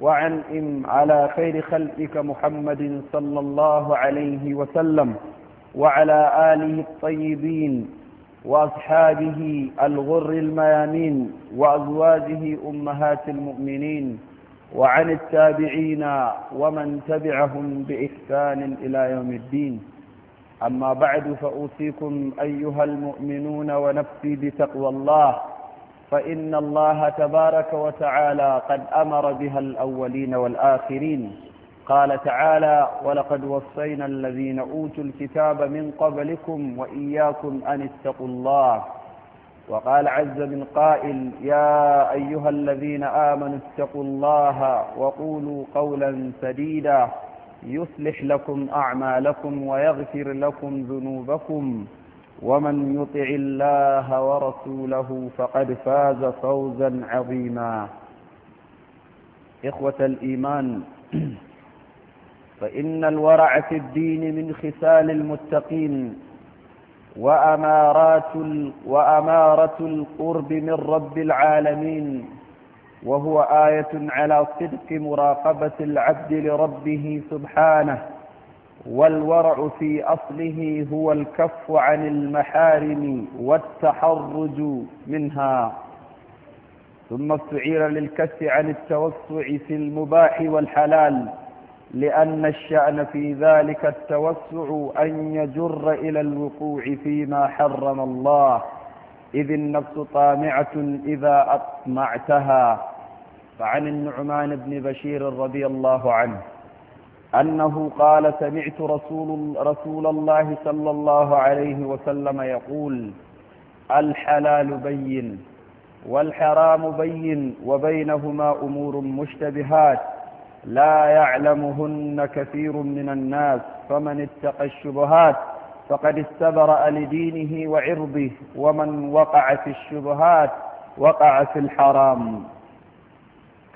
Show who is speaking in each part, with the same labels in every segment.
Speaker 1: وعنئم على خير خلقك محمد صلى الله عليه وسلم وعلى آله الطيبين وأصحابه الغر الميامين وأزواجه أمهات المؤمنين وعن التابعين ومن تبعهم بإحسان إلى يوم الدين أما بعد فأوصيكم أيها المؤمنون ونفسي بتقوى الله فإن الله تبارك وتعالى قد أمر بها الأولين والآخرين قال تعالى ولقد وصينا الذين أوتوا الكتاب من قبلكم وإياكم أن اتقوا الله وقال عز من قائل يا أيها الذين آمنوا اتقوا الله وقولوا قولا سديدا يصلح لكم أعمالكم ويغفر لكم ذنوبكم ومن يطع الله ورسوله فقد فاز فوزا عظيما إخوة الإيمان فإن الورع في الدين من خسال المتقين وأمارات وأمارة القرب من رب العالمين وهو آية على صدق مراقبة العبد لربه سبحانه والورع في أصله هو الكف عن المحارم والتحرج منها ثم استعير للكف عن التوسع في المباح والحلال لأن الشأن في ذلك التوسع أن يجر إلى الوقوع فيما حرم الله إذ النفس طامعة إذا أطمعتها فعن النعمان بن بشير رضي الله عنه أنه قال سمعت رسول, رسول الله صلى الله عليه وسلم يقول الحلال بين والحرام بين وبينهما أمور مشتبهات لا يعلمهن كثير من الناس فمن اتقى الشبهات فقد استبرأ لدينه وعرضه ومن وقع في الشبهات وقع في الحرام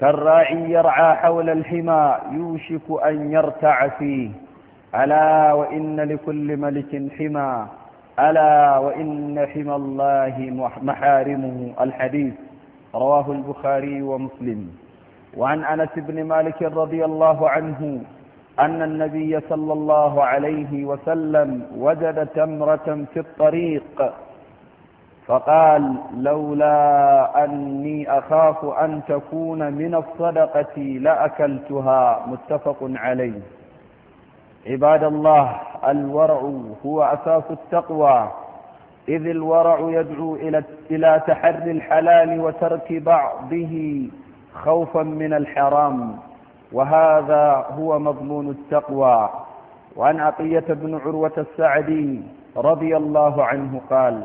Speaker 1: كالراعي يرعى حول الحمى يوشك أن يرتع فيه ألا وإن لكل ملك حمى ألا وإن حمى الله محارمه الحديث رواه البخاري ومسلم وعن أنس بن مالك رضي الله عنه أن النبي صلى الله عليه وسلم وجد تمرة في الطريق فقال لولا أني أخاف أن تكون من الصدقة لأكلتها متفق عليه عباد الله الورع هو أساس التقوى إذ الورع يدعو إلى تحري الحلال وترك بعضه خوفا من الحرام وهذا هو مضمون التقوى وعن عطية بن عروة السعدي رضي الله عنه قال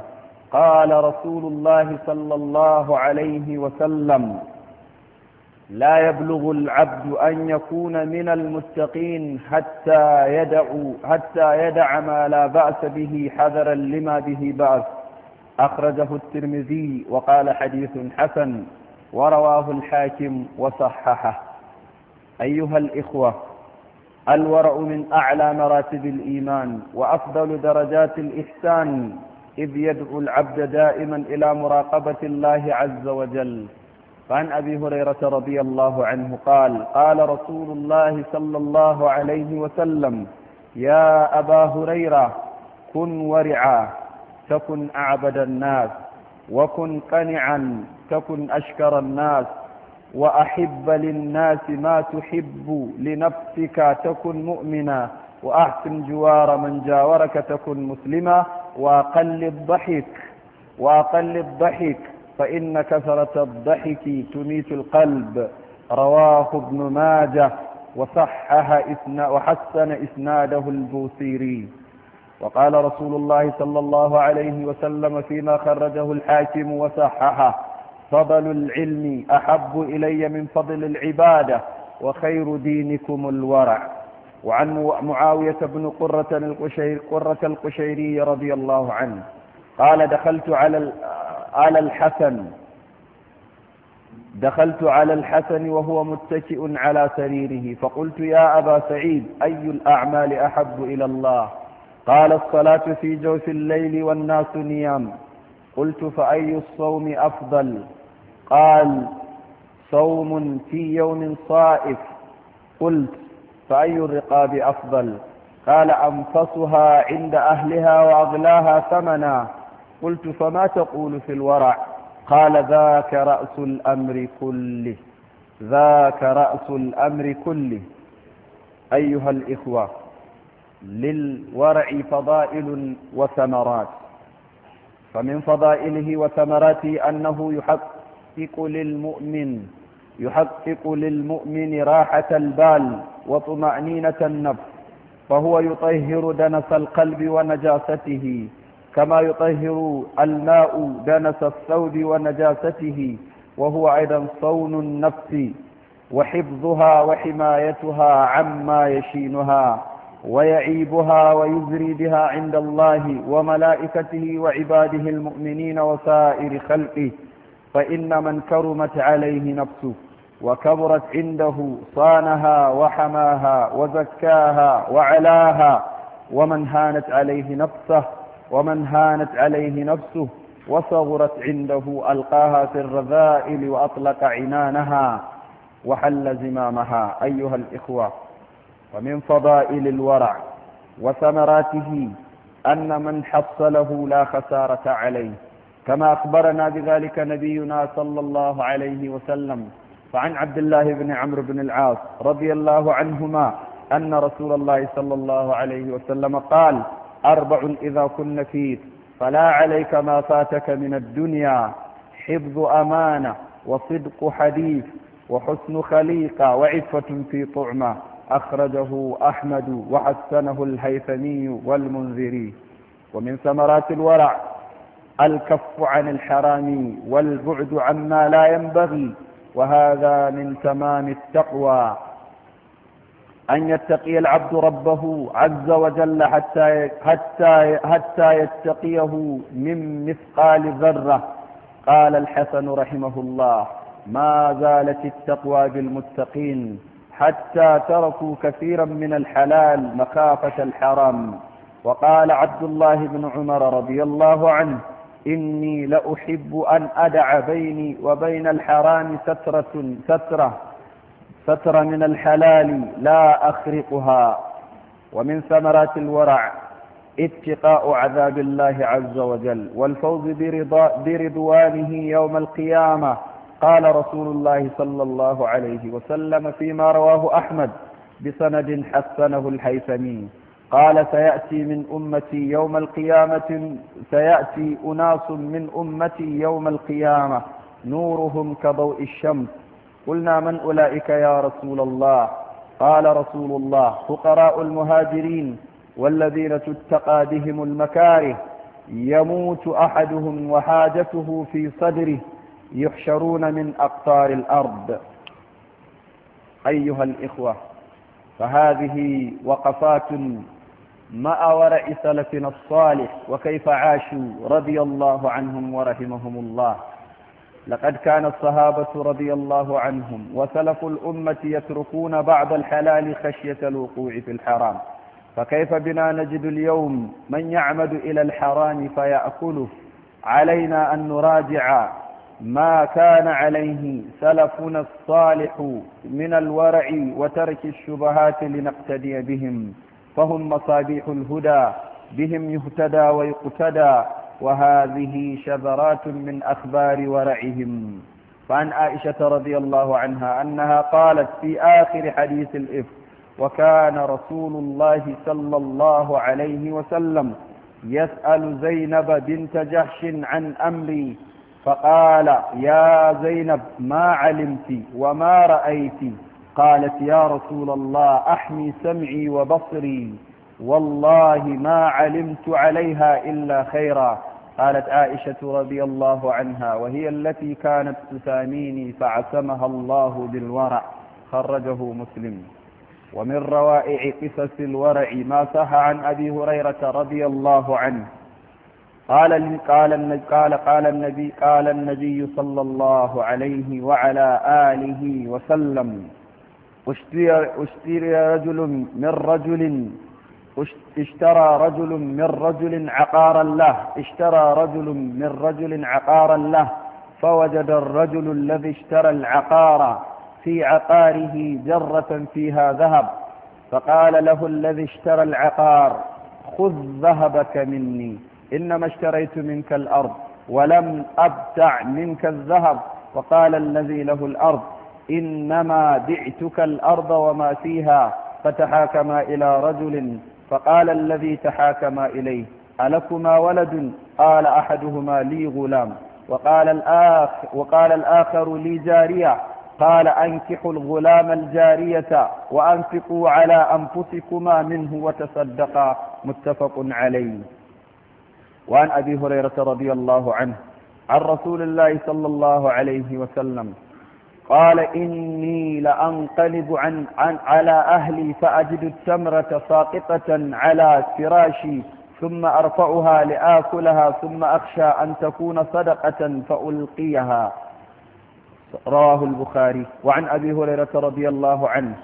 Speaker 1: قال رسول الله صلى الله عليه وسلم لا يبلغ العبد أن يكون من المتقين حتى يدع حتى يدع ما لا بأس به حذرا لما به بأس أخرجه الترمذي وقال حديث حسن ورواه الحاكم وصححه أيها الإخوة الورع من أعلى مراتب الإيمان وأفضل درجات الإحسان إذ يدعو العبد دائما إلى مراقبة الله عز وجل فعن أبي هريرة رضي الله عنه قال قال رسول الله صلى الله عليه وسلم يا أبا هريرة كن ورعا تكن أعبد الناس وكن قنعا تكن أشكر الناس وأحب للناس ما تحب لنفسك تكن مؤمنا وأحسن جوار من جاورك تكن مسلما وأقل الضحك وأقل الضحك فإن كثرة الضحك تميت القلب رواه ابن ماجه وصحح إثنا وحسن إسناده البوصيري وقال رسول الله صلى الله عليه وسلم فيما خرجه الحاكم وصححه فضل العلم أحب إلي من فضل العبادة وخير دينكم الورع وعن معاوية بن قرة القشير قرة القشيري رضي الله عنه قال دخلت على على الحسن دخلت على الحسن وهو متكئ على سريره فقلت يا أبا سعيد أي الأعمال أحب إلى الله قال الصلاة في جوف الليل والناس نيام قلت فأي الصوم أفضل قال صوم في يوم صائف قلت فأي الرقاب أفضل قال أنفسها عند أهلها وأغلاها ثمنا قلت فما تقول في الورع قال ذاك رأس الأمر كله ذاك رأس الأمر كله أيها الإخوة للورع فضائل وثمرات فمن فضائله وثمراته أنه يحقق للمؤمن يحقق للمؤمن راحة البال وطمأنينة النفس فهو يطهر دنس القلب ونجاسته كما يطهر الماء دنس الثوب ونجاسته وهو أيضا صون النفس وحفظها وحمايتها عما يشينها ويعيبها ويزري بها عند الله وملائكته وعباده المؤمنين وسائر خلقه فإن من كرمت عليه نفسه وكبرت عنده صانها وحماها وزكاها وعلاها ومن هانت عليه نفسه ومن هانت عليه نفسه وصغرت عنده ألقاها في الرذائل وأطلق عنانها وحل زمامها أيها الإخوة ومن فضائل الورع وثمراته أن من حصله لا خسارة عليه كما أخبرنا بذلك نبينا صلى الله عليه وسلم فعن عبد الله بن عمرو بن العاص رضي الله عنهما أن رسول الله صلى الله عليه وسلم قال أربع إذا كن فيه فلا عليك ما فاتك من الدنيا حفظ أمانة وصدق حديث وحسن خليقة وعفة في طعمة أخرجه أحمد وحسنه الهيثمي والمنذري ومن ثمرات الورع الكف عن الحرام والبعد عما لا ينبغي وهذا من تمام التقوى أن يتقي العبد ربه عز وجل حتى حتى حتى يتقيه من مثقال ذرة قال الحسن رحمه الله ما زالت التقوى بالمتقين حتى تركوا كثيرا من الحلال مخافة الحرام وقال عبد الله بن عمر رضي الله عنه إني لأحب أن أدع بيني وبين الحرام سترة سترة سترة من الحلال لا أخرقها ومن ثمرات الورع اتقاء عذاب الله عز وجل والفوز برضا برضوانه يوم القيامة قال رسول الله صلى الله عليه وسلم فيما رواه أحمد بسند حسنه الحيثمين قال سيأتي من أمتي يوم القيامة سيأتي أناس من أمتي يوم القيامة نورهم كضوء الشمس قلنا من أولئك يا رسول الله قال رسول الله فقراء المهاجرين والذين تتقى بهم المكاره يموت أحدهم وحاجته في صدره يحشرون من أقطار الأرض أيها الإخوة فهذه وقفات ما ورع سلفنا الصالح وكيف عاشوا رضي الله عنهم ورحمهم الله لقد كان الصحابة رضي الله عنهم وسلف الأمة يتركون بعض الحلال خشية الوقوع في الحرام فكيف بنا نجد اليوم من يعمد إلى الحرام فيأكله علينا أن نراجع ما كان عليه سلفنا الصالح من الورع وترك الشبهات لنقتدي بهم فهم مصابيح الهدى بهم يهتدى ويقتدى وهذه شذرات من أخبار ورعهم فعن عائشة رضي الله عنها أنها قالت في آخر حديث الإفك وكان رسول الله صلى الله عليه وسلم يسأل زينب بنت جحش عن أمري فقال يا زينب ما علمت وما رأيت قالت يا رسول الله أحمي سمعي وبصري والله ما علمت عليها إلا خيرا قالت عائشة رضي الله عنها وهي التي كانت تساميني فعسمها الله بالورع خرجه مسلم ومن روائع قصص الورع ما صح عن أبي هريرة رضي الله عنه قال قال قال قال النبي قال النبي صلى الله عليه وعلى آله وسلم اشتري رجل من رجل اشترى رجل من رجل عقارا له اشترى رجل من رجل عقارا له فوجد الرجل الذي اشترى العقار في عقاره جرة فيها ذهب فقال له الذي اشترى العقار خذ ذهبك مني إنما اشتريت منك الأرض ولم أبتع منك الذهب وقال الذي له الأرض إنما بعتك الأرض وما فيها فتحاكما إلى رجل فقال الذي تحاكما إليه ألكما ولد قال أحدهما لي غلام وقال الآخر, وقال الآخر لي جارية قال أنكحوا الغلام الجارية وأنفقوا على أنفسكما منه وتصدقا متفق عليه وعن أبي هريرة رضي الله عنه عن رسول الله صلى الله عليه وسلم قال إني لأنقلب عن, عن على أهلي فأجد التمرة ساقطة على فراشي ثم أرفعها لآكلها ثم أخشى أن تكون صدقة فألقيها رواه البخاري وعن أبي هريرة رضي الله عنه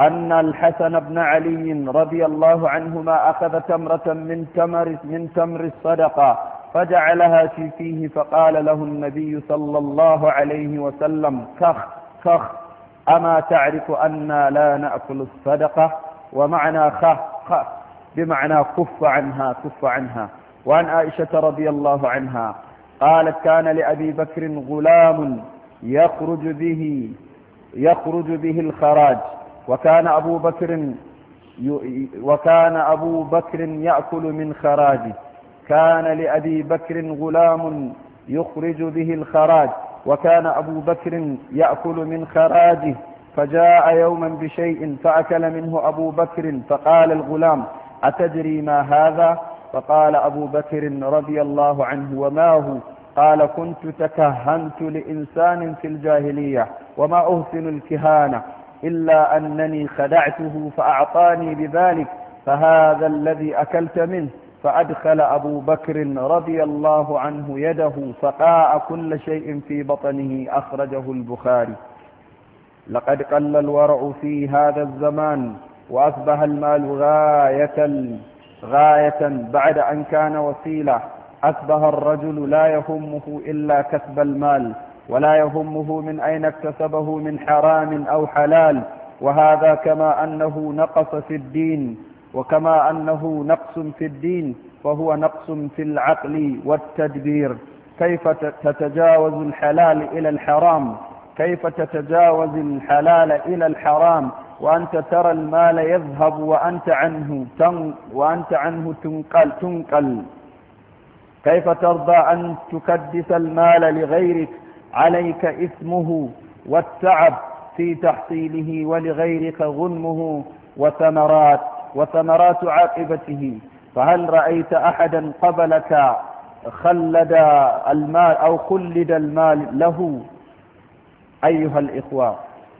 Speaker 1: أن الحسن بن علي رضي الله عنهما أخذ تمرة من تمر من تمر الصدقة فجعلها في فيه فقال له النبي صلى الله عليه وسلم كخ كخ أما تعرف أنا لا نأكل الصدقة ومعنى خخ خخ بمعنى كف عنها كف عنها وعن عائشة رضي الله عنها قالت كان لأبي بكر غلام يخرج به يخرج به الخراج وكان أبو بكر وكان أبو بكر يأكل من خراجه كان لأبي بكر غلام يخرج به الخراج وكان أبو بكر يأكل من خراجه فجاء يوما بشيء فأكل منه أبو بكر فقال الغلام أتدري ما هذا فقال أبو بكر رضي الله عنه وما هو قال كنت تكهنت لإنسان في الجاهلية وما أهسن الكهانة إلا أنني خدعته فأعطاني بذلك فهذا الذي أكلت منه فأدخل أبو بكر رضي الله عنه يده فقاع كل شيء في بطنه أخرجه البخاري لقد قل الورع في هذا الزمان وأصبح المال غاية غاية بعد أن كان وسيلة أصبح الرجل لا يهمه إلا كسب المال ولا يهمه من أين اكتسبه من حرام أو حلال وهذا كما أنه نقص في الدين وكما أنه نقص في الدين فهو نقص في العقل والتدبير كيف تتجاوز الحلال إلى الحرام كيف تتجاوز الحلال إلى الحرام وأنت ترى المال يذهب وأنت عنه تن وأنت عنه تنقل تنقل كيف ترضى أن تكدس المال لغيرك عليك إثمه والتعب في تحصيله ولغيرك غنمه وثمرات وثمرات عاقبته فهل رأيت أحدا قبلك خلد المال أو خلد المال له أيها الإخوة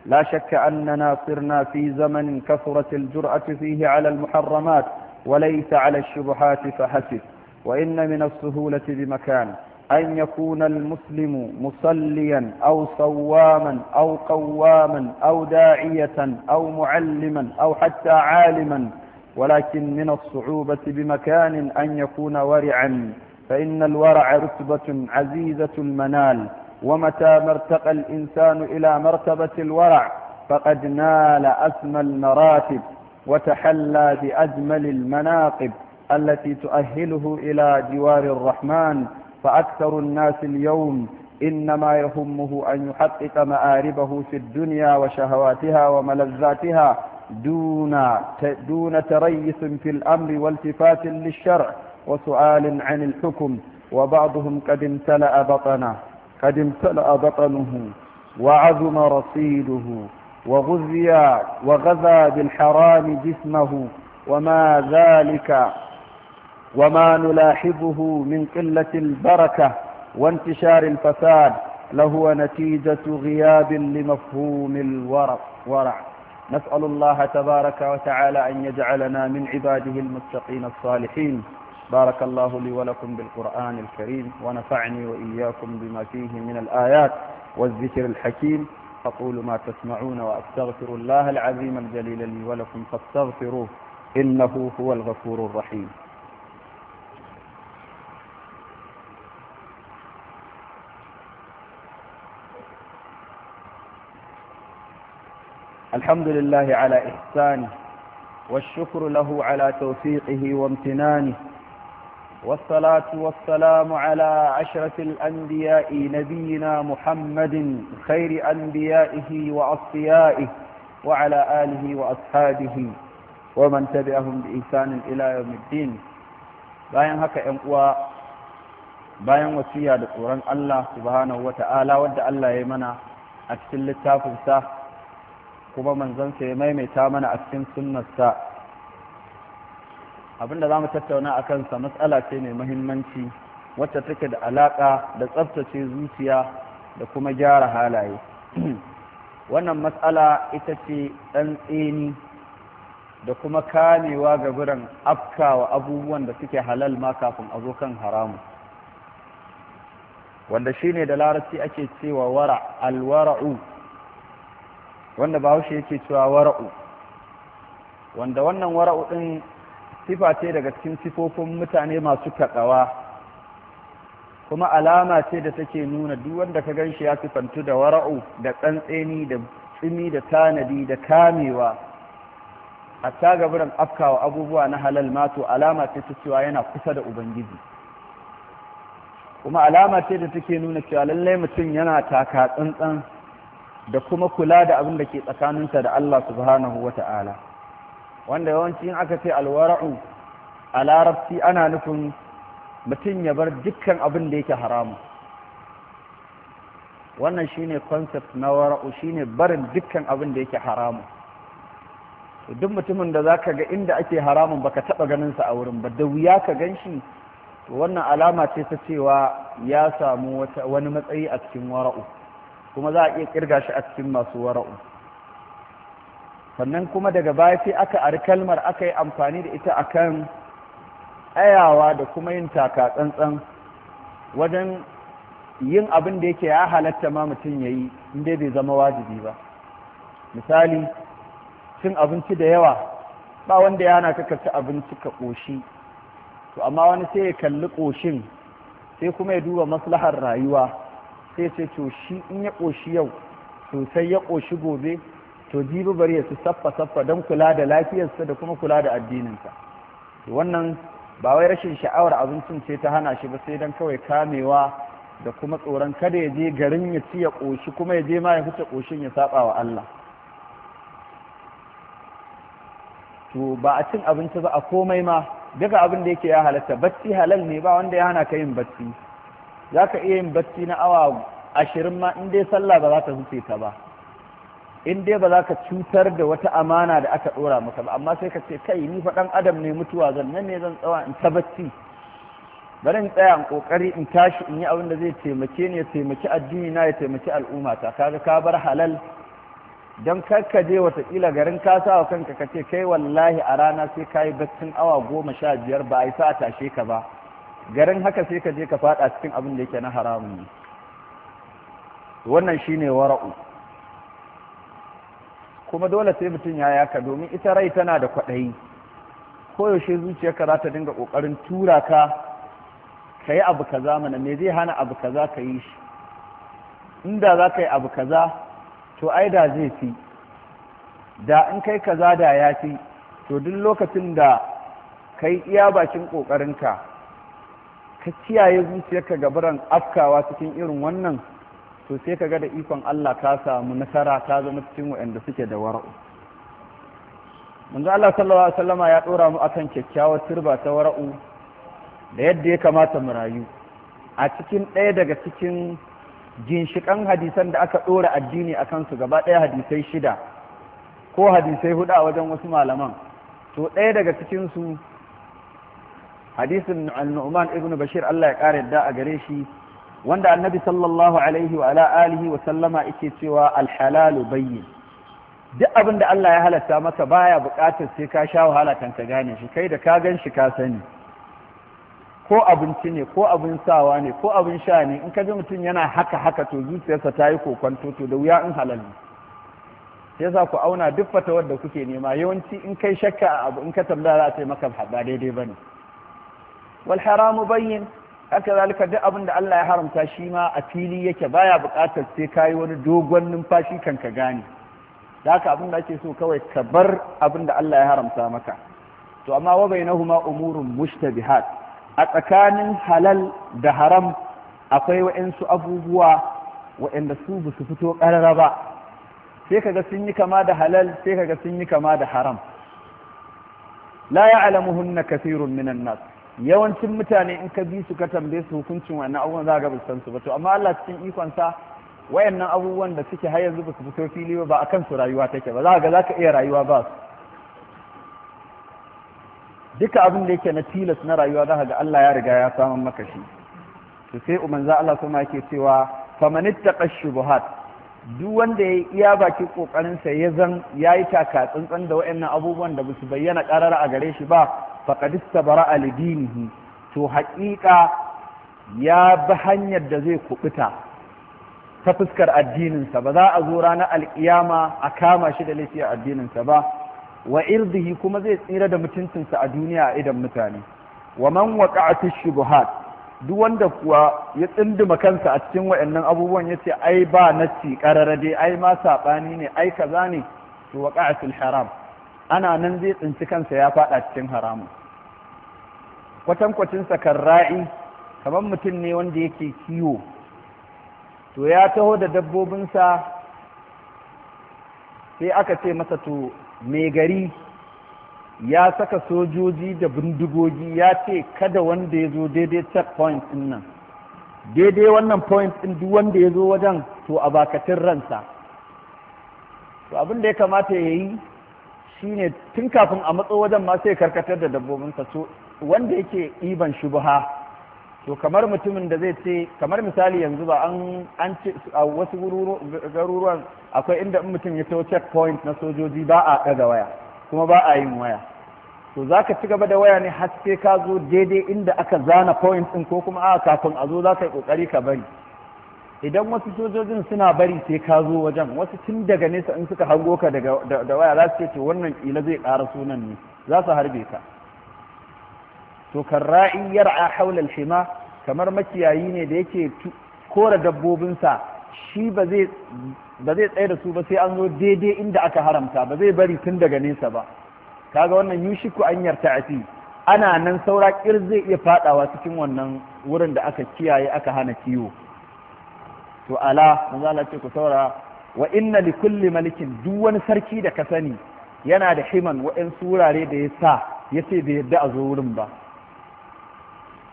Speaker 1: لا شك أننا صرنا في زمن كثرت الجرأة فيه على المحرمات وليس على الشبهات فحسب وإن من السهولة بمكان أن يكون المسلم مصليا أو صواما أو قواما أو داعية أو معلما أو حتى عالما ولكن من الصعوبة بمكان أن يكون ورعا فإن الورع رتبة عزيزة المنال ومتى ما ارتقى الإنسان إلى مرتبة الورع فقد نال أسمى المراتب وتحلى بأجمل المناقب التي تؤهله إلى جوار الرحمن فأكثر الناس اليوم إنما يهمه أن يحقق مآربه في الدنيا وشهواتها وملذاتها دون دون تريث في الأمر والتفات للشرع وسؤال عن الحكم وبعضهم قد امتلأ بطنه قد امتلأ بطنه وعظم رصيده وغذي وغذى بالحرام جسمه وما ذلك وما نلاحظه من قلة البركة وانتشار الفساد لهو نتيجة غياب لمفهوم الورع ورع نسأل الله تبارك وتعالى أن يجعلنا من عباده المتقين الصالحين بارك الله لي ولكم بالقرآن الكريم ونفعني وإياكم بما فيه من الآيات والذكر الحكيم أقول ما تسمعون وأستغفر الله العظيم الجليل لي ولكم فاستغفروه إنه هو الغفور الرحيم الحمد لله على إحسانه والشكر له على توفيقه وامتنانه والصلاة والسلام على عشرة الأنبياء نبينا محمد خير أنبيائه وأصفيائه وعلى آله وأصحابه ومن تبعهم بإنسان إلى يوم الدين باين هكا ‘yan باين bayan wasiya الله سبحانه وتعالى ود الله يمنى أكسل التافل ya kuma manzansa ya maimaita mana a cikin sunnarsa abinda za mu tattauna a kansa matsala ce mai mahimmanci wacce take da alaƙa da tsaftace zuciya da kuma gyara halaye wannan matsala ita ce ɗan tseni da kuma kamewa ga biran afkawa abubuwan da suke halal ma kafin a zo kan haramu wanda shine da larabci ake cewa wara alwara'u wanda bahaushe yake cewa wara'u wanda wannan wara'u ɗin sifa ce daga cikin sifofin mutane masu kaɗawa kuma alama ce da take nuna duk wanda ka gan shi ya sifantu da wara'u da tsantseni da tsimi da tanadi da kamewa A ta gaburan afkawa abubuwa na halal mato alama ce ta cewa yana kusa da ubangiji kuma alama ce da take nuna cewa lallai mutum yana taka tsantsan da kuma kula da abin da ke tsakaninta da Allah subhanahu wa ta'ala wanda yawanci in aka ce alwara'u a larabci ana nufin mutum ya bar dukkan abin da yake haramu wannan shi ne concept na wara'u shi ne barin dukkan abin da yake haramu duk mutumin da zaka ga inda ake haramun baka taba ganin sa a wurin ba da wuya ka gan shi wannan alama ce ta cewa ya samu wani matsayi a cikin wara'u kuma za a iya kirga shi a cikin masu wara'u sannan kuma daga baya sai aka ari kalmar aka yi amfani da ita akan ayawa da kuma yin taka tsantsan wajen yin abin da yake ya halatta ma mutum ya yi inda bai zama wajibi ba misali cin abinci da yawa ba wanda yana ka ci abinci ka ƙoshi to amma wani sai ya kalli ƙoshin sai kuma ya duba maslahar rayuwa sai ce to shi in ya ƙoshi yau to sai ya ƙoshi gobe to jibi bari ya su saffa saffa don kula da lafiyarsa da kuma kula da addininsa wannan ba wai rashin sha'awar abincin ce ta hana shi ba sai don kawai kamewa da kuma tsoron kada ya je garin ya ci ya ƙoshi kuma ya je ma ya fita ƙoshin ya saba wa Allah to ba a cin abinci ba a komai ma daga abin da yake ya halatta bacci halal ne ba wanda ya hana ka yin bacci za ka iya yin bacci na awa ashirin ma in dai sallah ba za ta huce ka ba in dai ba za ka cutar da wata amana da aka ɗora maka ba amma sai ka ce kai ni faɗan adam ne mutuwa zan nan ne zan tsawa in ta bacci bari in tsaya in ƙoƙari in tashi in yi abin da zai taimake ni ya taimaki addini na ya taimaki al'umma ta kaga ka bar halal don karka je kila garin ka sa wa kanka ka ce kai wallahi a rana sai ka yi baccin awa goma sha biyar ba a yi sa tashe ka ba garin haka sai ka je ka faɗa cikin abin da yake na haramun ne wannan shine wara'u kuma dole sai mutum ya yaka domin ita rai tana da kwaɗayi koyaushe zuciyarka za ta dinga ƙoƙarin tura ka ka yi abu kaza mana me zai hana abu kaza ka yi shi inda za ka yi abu kaza to ai da zai fi da in kai kaza da ya fi to duk lokacin da ka yi iya bakin ƙoƙarinka ka kiyaye zuciyarka gabaran afkawa cikin irin wannan to sai ka ga da ikon Allah ka samu nasara ka zama cikin waɗanda suke da wara'u manzo Allah sallallahu alaihi wasallama ya dora mu akan kyakkyawar turba ta wara'u da yadda ya kamata mu rayu a cikin ɗaya daga cikin ginshikan hadisan da aka ɗora addini akan kansu gaba ɗaya hadisai shida ko hadisai hudu a wajen wasu malaman to ɗaya daga cikin su hadisin al-nu'man ibn bashir Allah ya kare da a gare shi wanda annabi sallallahu alaihi wa ala alihi wa sallama yake cewa al-halalu bayyin duk abin da Allah ya halatta maka baya buƙatar sai ka sha wahala kan ka gane shi kai da ka gan shi ka sani ko abinci ne ko abin sawa ne ko abin sha ne in ka ji mutum yana haka haka to zuciyarsa ta yi kokonto to da wuya in halal ne sai za ku auna duk fatawar da kuke nema yawanci in kai shakka a abu in ka tambaya za a ce maka ba daidai ba ne Walharamu haramu bayyin duk abin da Allah ya haramta shi ma a fili yake baya buƙatar sai kayi wani dogon numfashi kan ka gane da haka abin da ake so kawai ka bar abin da Allah ya haramta maka to amma wa bainahuma umurun mushtabihat a tsakanin halal da haram akwai wa'insu abubuwa wa'inda su ba su fito ƙarara ba sai kaga sun yi kama da halal sai kaga sun yi kama da haram la ya'lamuhunna kathirun minan nas yawancin mutane in ka bi su ka tambaye su hukuncin wannan abubuwan za ga san su ba to amma Allah cikin ikon sa wayannan abubuwan da suke har yanzu ba su fito fili ba akan su rayuwa take ba za ga za ka iya rayuwa ba su duka abin da yake na tilas na rayuwa za ga Allah ya riga ya samun maka shi to sai umman za Allah kuma yake cewa famanittaqash shubuhat duk wanda ya iya baki kokarinsa ya zan ya yi taka tsantsan da wayannan abubuwan da basu bayyana ƙarar a gare shi ba faqadista bara lidinihi to haƙiƙa ya bi hanyar da zai kubuta ta fuskar addininsa ba za a zo ranar alƙiyama a kama shi da laifi a addininsa ba wa irdihi kuma zai tsira da mutuncinsa a duniya a idan mutane wa man waqa'atish shubuhat duk wanda kuwa ya tsinduma kansa a cikin waɗannan abubuwan ya ce ai ba na ƙarara dai ai ma saɓani ne ai kaza ne to waqa'atul haram ana nan zai tsinci kansa ya faɗa cikin haramun kwatankwacin sakar ra'i kamar mutum ne wanda yake kiwo to ya taho da dabbobinsa sai aka ce masa to me gari ya saka sojoji da bindigogi ya ce kada wanda ya zo daidai checkpoint din nan daidai wannan point din duk wanda ya zo wajen to a bakatin ransa to abin da ya kamata ya yi shi ne tun kafin a matso wajen ma sai karkatar da dabbobinsa to wanda yake iban shubha to kamar mutumin da zai ce kamar misali yanzu ba an an ce a wasu garuruwan akwai inda mutum ya to checkpoint na sojoji ba a ɗaga waya kuma ba a yin waya to za ka ci gaba da waya ne har sai ka zo daidai inda aka zana point ɗin ko kuma a kafin a zo za ka yi ƙoƙari ka bari idan wasu sojojin suna bari sai ka zo wajen wasu tun daga nesa in suka hango ka da waya za su ce wannan kila zai ƙara sunan ne za su harbe ka to kan ra'i yar'a haulal shima kamar makiyayi ne da yake kora dabbobinsa shi ba zai tsaya da su ba sai an zo daidai inda aka haramta ba zai bari tun daga nesa ba kaga wannan yushiku an yarta'ati ana nan saura kir zai iya fadawa cikin wannan wurin da aka kiyaye aka hana kiwo to ala manzo Allah ce ku saura wa inna li kulli malikin duk wani sarki da ka sani yana da himan in surare da ya sa ya ce bai yarda a zo wurin ba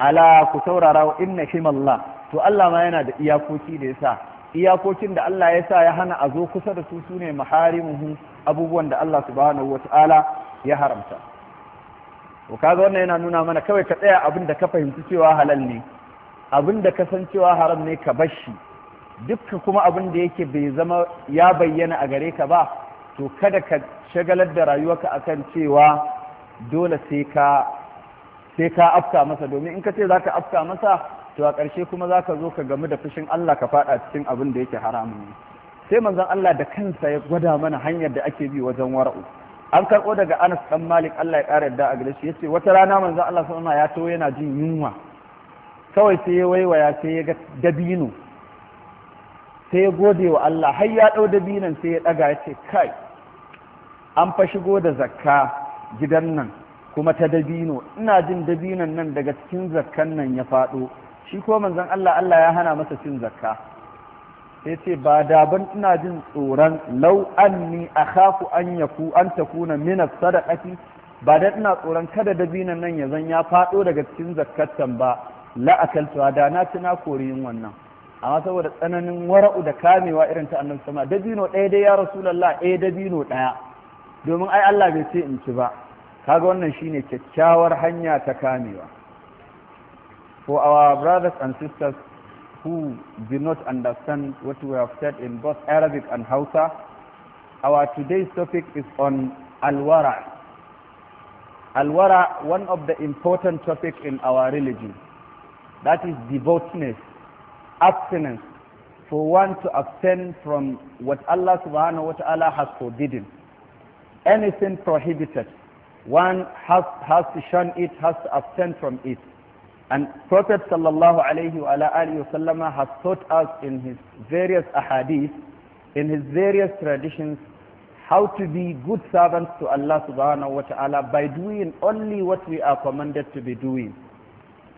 Speaker 1: ala ku saurara wa inna himallah to Allah ma yana da iyakoki da ya sa iyakokin da Allah ya sa ya hana a zo kusa da su sune maharimuhu abubuwan da Allah subhanahu wa ta'ala ya haramta to kaga wannan yana nuna mana kawai ka tsaya abin da ka fahimci cewa halal ne abin da ka san cewa haram ne ka bar shi dukka kuma abin da yake bai zama ya bayyana a gare ka ba to kada ka shagalar da rayuwarka akan cewa dole sai ka sai ka afka masa domin in ka ce zaka afka masa to a ƙarshe kuma zaka zo ka gamu da fushin Allah ka faɗa cikin abin da yake haramun ne sai manzon Allah da kansa ya gwada mana hanyar da ake bi wajen wara'u an karɓo daga anas ɗan malik allah ya ƙara yadda a gare shi yace wata rana manzon allah sallallahu ya to yana jin yunwa kawai sai ya waiwaya sai ya ga dabino sai ya gode wa allah har ya ɗau dabinon sai ya ɗaga ya ce kai an fa shigo da zakka gidan nan kuma ta dabino ina jin dabinon nan daga cikin zakkan nan ya faɗo shi ko manzon allah allah ya hana masa cin zakka sai ce ba daban ina jin tsoron lau a kafu an yaku an takuna min ba dan ina tsoron kada dabinan nan ya zan ya faɗo daga cikin zakkatan ba la'akaltuwa da na ci na kori yin wannan amma saboda tsananin wara'u da kamewa irin ta annabi sama dabino ɗaya dai ya rasulullah ɗaya eh dabino ɗaya domin ai Allah bai ce in ci ba kaga wannan shine kyakkyawar hanya ta kamewa for our brothers and sisters who do not understand what we have said in both Arabic and Hausa, our today's topic is on Al-Wara. Al-Wara, one of the important topics in our religion. That is devoutness, abstinence, for one to abstain from what Allah subhanahu wa ta'ala has forbidden. Anything prohibited, one has, has to shun it, has to abstain from it. And Prophet sallallahu alayhi wa has taught us in his various ahadith, in his various traditions, how to be good servants to Allah subhanahu wa ta'ala by doing only what we are commanded to be doing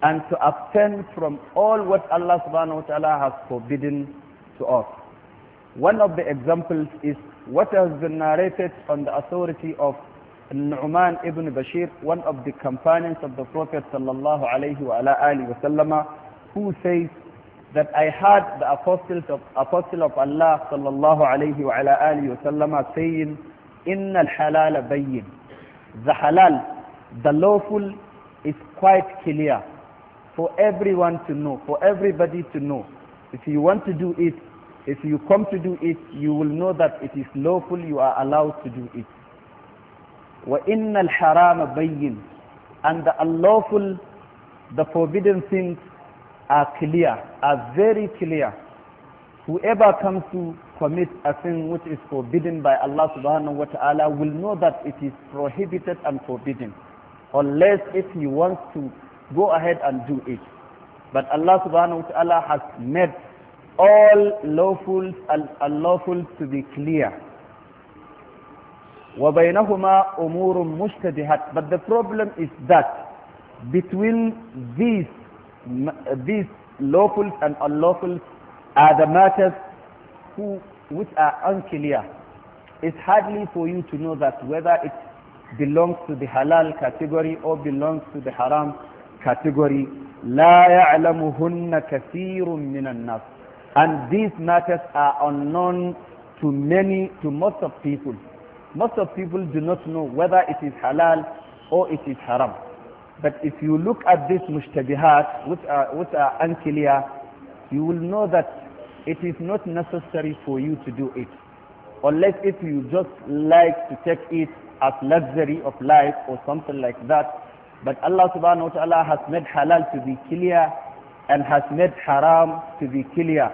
Speaker 1: and to abstain from all what Allah subhanahu wa ta'ala has forbidden to us. One of the examples is what has been narrated on the authority of Nu'man ibn Bashir, one of the companions of the Prophet sallallahu alayhi wa who says that I heard the apostles of, apostle of Allah sallallahu alayhi wa saying, Inna al bayyin. The halal, the lawful is quite clear for everyone to know, for everybody to know. If you want to do it, if you come to do it, you will know that it is lawful, you are allowed to do it. wa innal harama bayyin and the unlawful the forbidden things are clear are very clear whoever comes to commit a sin which is forbidden by Allah subhanahu wa ta'ala will know that it is prohibited and forbidden unless if he wants to go ahead and do it but Allah subhanahu wa ta'ala has made all lawful and unlawful to be clear وبينهما أمور مشتبهات but the problem is that between these these lawful and unlawful are the matters who, which are unclear it's hardly for you to know that whether it belongs to the halal category or belongs to the haram category لا يعلمهن كثير من الناس and these matters are unknown to many to most of people most of people do not know whether it is halal or it is haram. But if you look at these mushtabihat, which are, which are unclear, you will know that it is not necessary for you to do it. Unless if you just like to take it as luxury of life or something like that. But Allah subhanahu wa ta'ala has made halal to be clear and has made haram to be clear.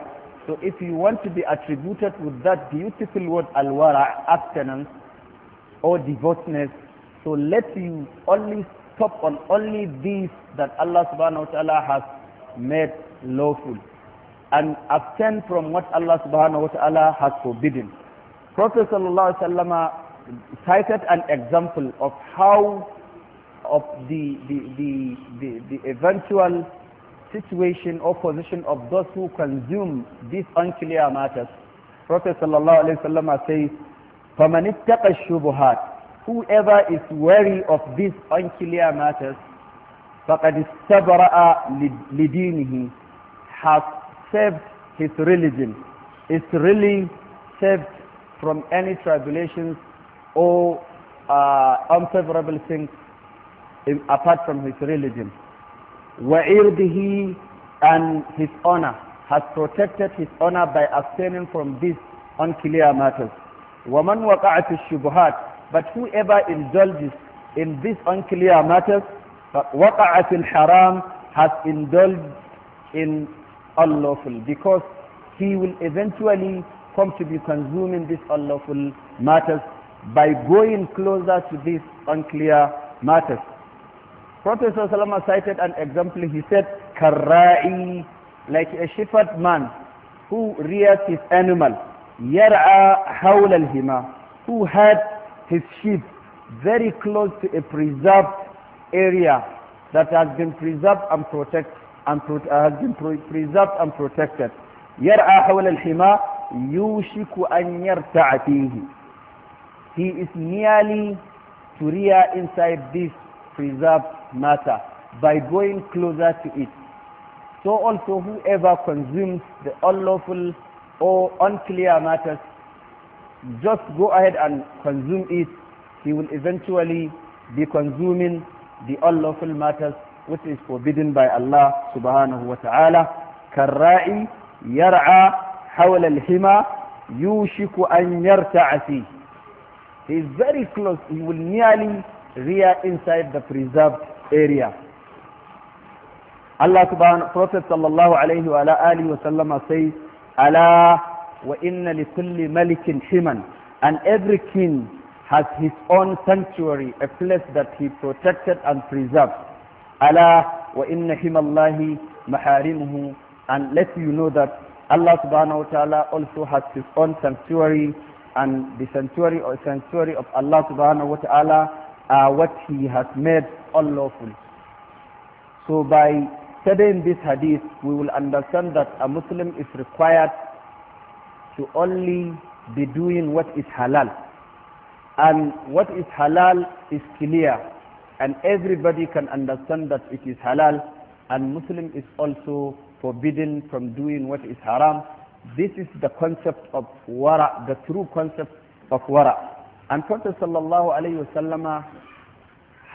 Speaker 1: So if you want to be attributed with that beautiful word al-wara, abstinence, or devoutness. So let you only stop on only these that Allah subhanahu wa ta'ala has made lawful and abstain from what Allah subhanahu wa ta'ala has forbidden. Prophet sallallahu alaihi wasallam cited an example of how of the, the, the, the, the eventual situation or position of those who consume these unclear matters. Prophet sallallahu alaihi wasallam says, فَمَنِ الشُّبُهَاتِ Whoever is wary of these unclear matters, فَقَدْ اسْتَبْرَأَ لِدِينِهِ Has saved his religion. Is really saved from any tribulations or uh, unfavorable things in, apart from his religion. وَعِرْضِهِ And his honor has protected his honor by abstaining from these unclear matters. ومن وقعت الشبهات but whoever indulges in this unclear matters وقع في الحرام has indulged in unlawful because he will eventually come to be consuming these unlawful matters by going closer to these unclear matters. Prophet Salama cited an example. He said, Karra'i, like a shepherd man who rears his animal. Yar'a Hawl al-Hima, who had his sheep very close to a preserved area that has been preserved and protected and pro uh, has been pre preserved and protected. Yar'a al-Hima yushiku an yarta'a He is nearly to rear inside this preserved matter by going closer to it. So also whoever consumes the unlawful or unclear matters, just go ahead and consume it. He will eventually be consuming the unlawful matters which is forbidden by Allah subhanahu wa ta'ala. كالرائي يرعى حول الحمى يوشك أن يرتع فيه. He is very close. He will nearly rear inside the preserved area. Allah subhanahu Prophet sallallahu alayhi wa alayhi wa sallam says, ala wa inna li kulli malikin himan and every king has his own sanctuary a place that he protected and preserved ala wa inna himallahi maharimuhu and let you know that Allah subhanahu wa ta'ala also has his own sanctuary and the sanctuary or uh, sanctuary of Allah subhanahu wa ta'ala are what he has made unlawful so by Studying this hadith, we will understand that a Muslim is required to only be doing what is halal. And what is halal is clear. And everybody can understand that it is halal. And Muslim is also forbidden from doing what is haram. This is the concept of wara, the true concept of wara. And Prophet sallallahu alayhi wa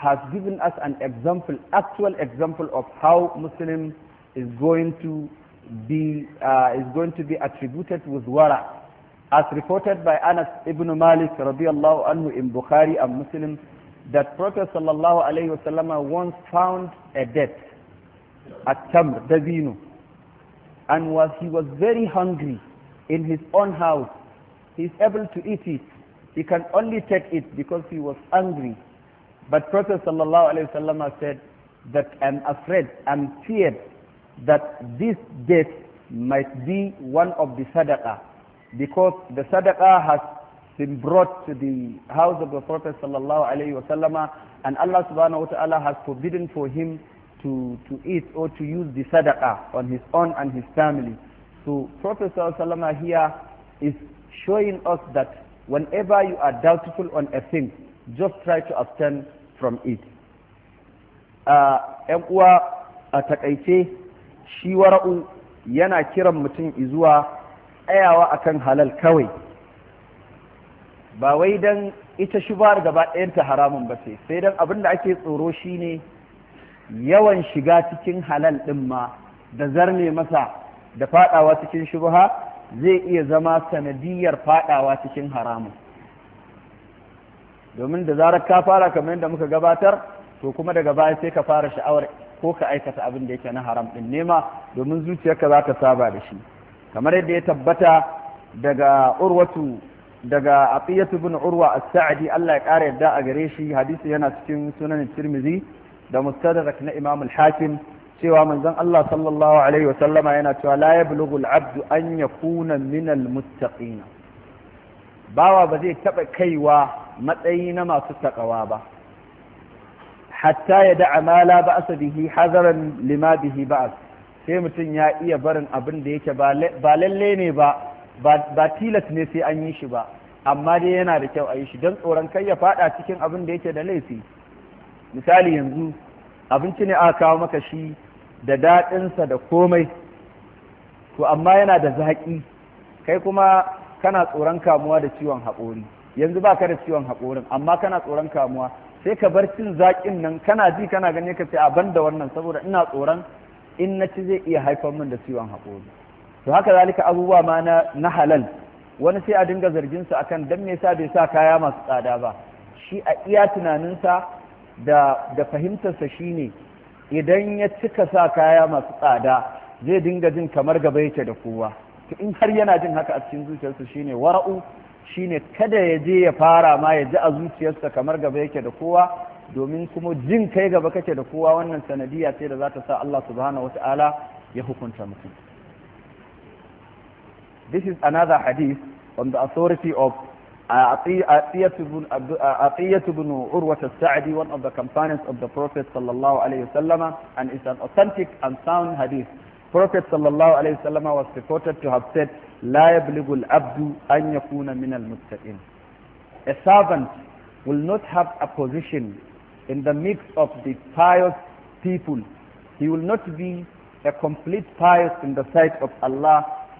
Speaker 1: has given us an example, actual example of how Muslim is going to be uh, is going to be attributed with wara, as reported by Anas ibn Malik radiallahu anhu in Bukhari and Muslim, that Prophet sallallahu alaihi wasallam once found a debt at Tamr, Davino, and was he was very hungry in his own house. He is able to eat it. He can only take it because he was angry but Prophet ﷺ said that I'm afraid, I'm feared that this death might be one of the sadaqah because the sadaqah has been brought to the house of the Prophet ﷺ and Allah subhanahu wa ta'ala has forbidden for him to, to eat or to use the sadaqah on his own and his family. So Prophet ﷺ here is showing us that whenever you are doubtful on a thing, just try to abstain from it yan uwa a takaice shi wara'u yana kiran mutum izuwa tsayawa akan halal kawai ba wai don ita shubar gaba ɗayanta haramun ba sai sai don abin da ake tsoro shine yawan shiga cikin halal ɗin ma da zarne masa da fadawa cikin shubha zai iya zama sanadiyar fadawa cikin haramun domin da zarar ka fara kamar yadda muka gabatar to kuma daga baya sai ka fara sha'awar ko ka aikata abin da yake na haram din nema domin zuciyarka za ta saba da shi kamar yadda ya tabbata daga urwatu daga aqiyatu bin urwa as-sa'di Allah ya kara yadda a gare shi hadisi yana cikin sunan tirmizi da mustadrak na imam al-hakim cewa manzon Allah sallallahu alaihi wasallama yana cewa la yablughu al-abdu an yakuna min al-muttaqin bawa ba zai taba kaiwa matsayi na masu takawa ba hatta ya da'a amala ba asa bihi hadaran lima bihi ba sai mutum ya iya barin abin da yake ba lalle ne ba ba tilas ne sai an yi shi ba amma dai yana da kyau a yi shi don tsoron kai ya fada cikin abin da yake da laifi misali yanzu abinci ne aka kawo maka shi da daɗinsa da komai to amma yana da zaƙi kai kuma kana tsoron kamuwa da ciwon haƙori yanzu ba ka da ciwon haƙorin amma kana tsoron kamuwa sai ka bar cin zaƙin nan kana ji kana gani ka ce a ban da wannan saboda ina tsoron in na ci zai iya haifar min da ciwon haƙori to haka zalika abubuwa ma na halal wani sai a dinga zargin sa akan dan me yasa bai sa kaya masu tsada ba shi a iya tunaninsa da da fahimtarsa shine idan ya cika sa kaya masu tsada zai dinga jin kamar gaba yake da kowa to in har yana jin haka a cikin zuciyarsa shine wara'u shine kada ya je ya fara ma ya ji a zuciyarsa kamar gaba yake da kowa domin kuma jin kai gaba kake da kowa wannan sanadiyya ce da za ta sa Allah subhanahu wata'ala ya hukunta mutum this is another hadith from the authority of Atiyat ibn Urwa al-Sa'di one of the companions of the Prophet sallallahu alaihi and it's an authentic and sound hadith Prophet sallallahu alaihi wasallam was reported to have said, "La yablighul abdu an yakuna min al-muttaqin." A servant will not have a position in the mix of the pious people. He will not be a complete pious in the sight of Allah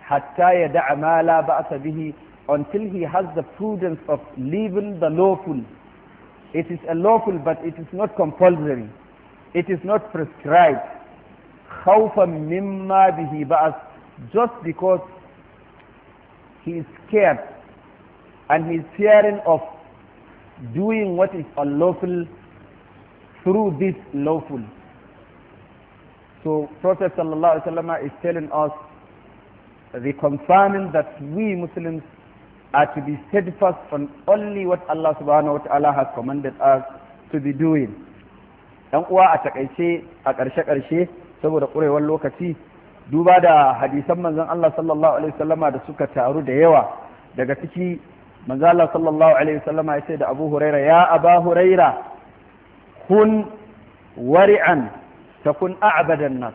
Speaker 1: hatta yada'a ma la ba'sa bihi until he has the prudence of leaving the lawful. It is a lawful but it is not compulsory. It is not prescribed. How far bihi ba'as just because he is scared and he is fearing of doing what is unlawful through this lawful. So Prophet sallallahu alaihi wasallam is telling us the confirming that we Muslims are to be steadfast on only what Allah subhanahu wa ta'ala has commanded us to be doing. Dan uwa a takaice a ƙarshe-ƙarshe saboda ƙurewar lokaci duba da hadisan manzon Allah sallallahu alaihi wasallama da suka taru da yawa daga ciki manzon Allah sallallahu alaihi wasallama ya ce da Abu Huraira ya Aba Huraira kun wari'an kun a'badan nas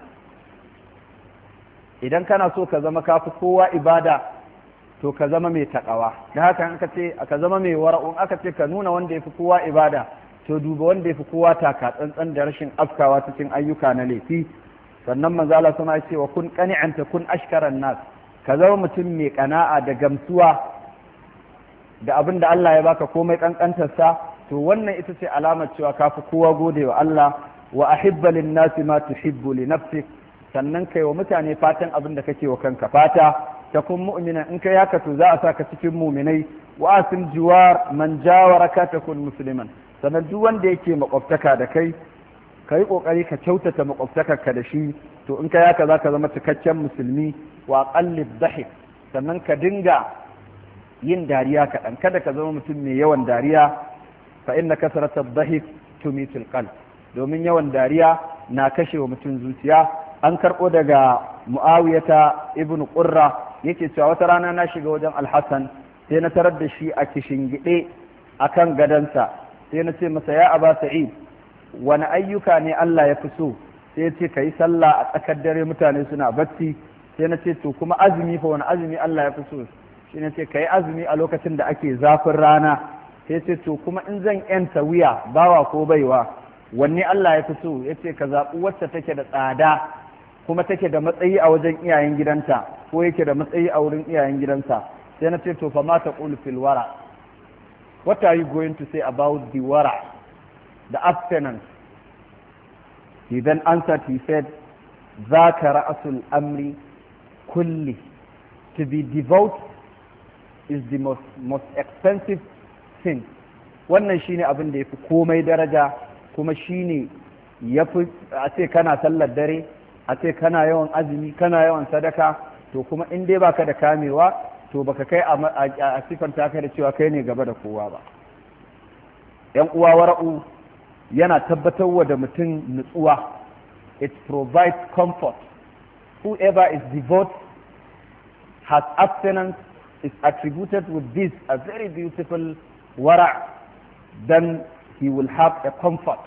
Speaker 1: idan kana so ka zama kafi kowa ibada to ka zama mai takawa da haka aka ce ka zama mai wara'un aka ce ka nuna wanda ya fi kowa ibada to duba wanda ya fi kowa taka tsantsan da rashin afkawa cikin ayyuka na laifi sannan manzala suna cewa kun qani'an kun ashkaran nas ka zama mutum mai ƙana'a da gamsuwa da abin da Allah ya baka komai sa to wannan ita ce alamar cewa ka fi kowa gode wa Allah wa ahibba lin nasi ma tuhibbu li nafsik sannan kai wa mutane fatan abin da kake wa kanka fata ta kun mu'mina in kai haka to za a saka cikin mu'minai wa asim juwar man jawaraka ta kun musliman sannan duk wanda yake makwabtaka da kai ka yi ƙoƙari ka kyautata maƙwabtakarka da shi to in ka yaka za ka zama cikakken musulmi wa ƙalli dahik sannan ka dinga yin dariya kaɗan kada ka zama mutum mai yawan dariya fa inna kasrata dahik tumitul qalb domin yawan dariya na kashe wa mutum zuciya an karɓo daga mu'awiyata ibnu ƙurra yake cewa wata rana na shiga wajen alhassan sai na tarar da shi a kishin a akan gadansa sai na ce masa ya aba sa'id wani ayyuka ne Allah ya fi so sai ya ce ka yi sallah a tsakar dare mutane suna bacci sai na ce to kuma azumi fa wani azumi Allah ya fi so shi na ce ka yi azumi a lokacin da ake zafin rana sai ce to kuma in zan yanta wuya bawa ko baiwa wanne Allah ya fi so ya ce ka zaɓi wacce take da tsada kuma take da matsayi a wajen iyayen gidanta ko yake da matsayi a wurin iyayen gidansa sai na ce to fa ma ta wara what are you going to say about the wara the abstinence. He then answered, he said, ذَاكَ رَأْسُ amri kulli. To be devout is the most, most expensive thing Wannan shi ne abin da ya fi komai daraja kuma shi ne ya fi a ce kana sallar dare, a ce kana yawan azumi, kana yawan sadaka, to kuma in dai baka da kamewa, to baka kai a sifanta ka da cewa kai ne gaba da kowa ba. ‘Yan uwa wara'u yana tabbatarwa da mutum nutsuwa it provides comfort whoever is devout has abstinence is attributed with this a very beautiful wara then he will have a comfort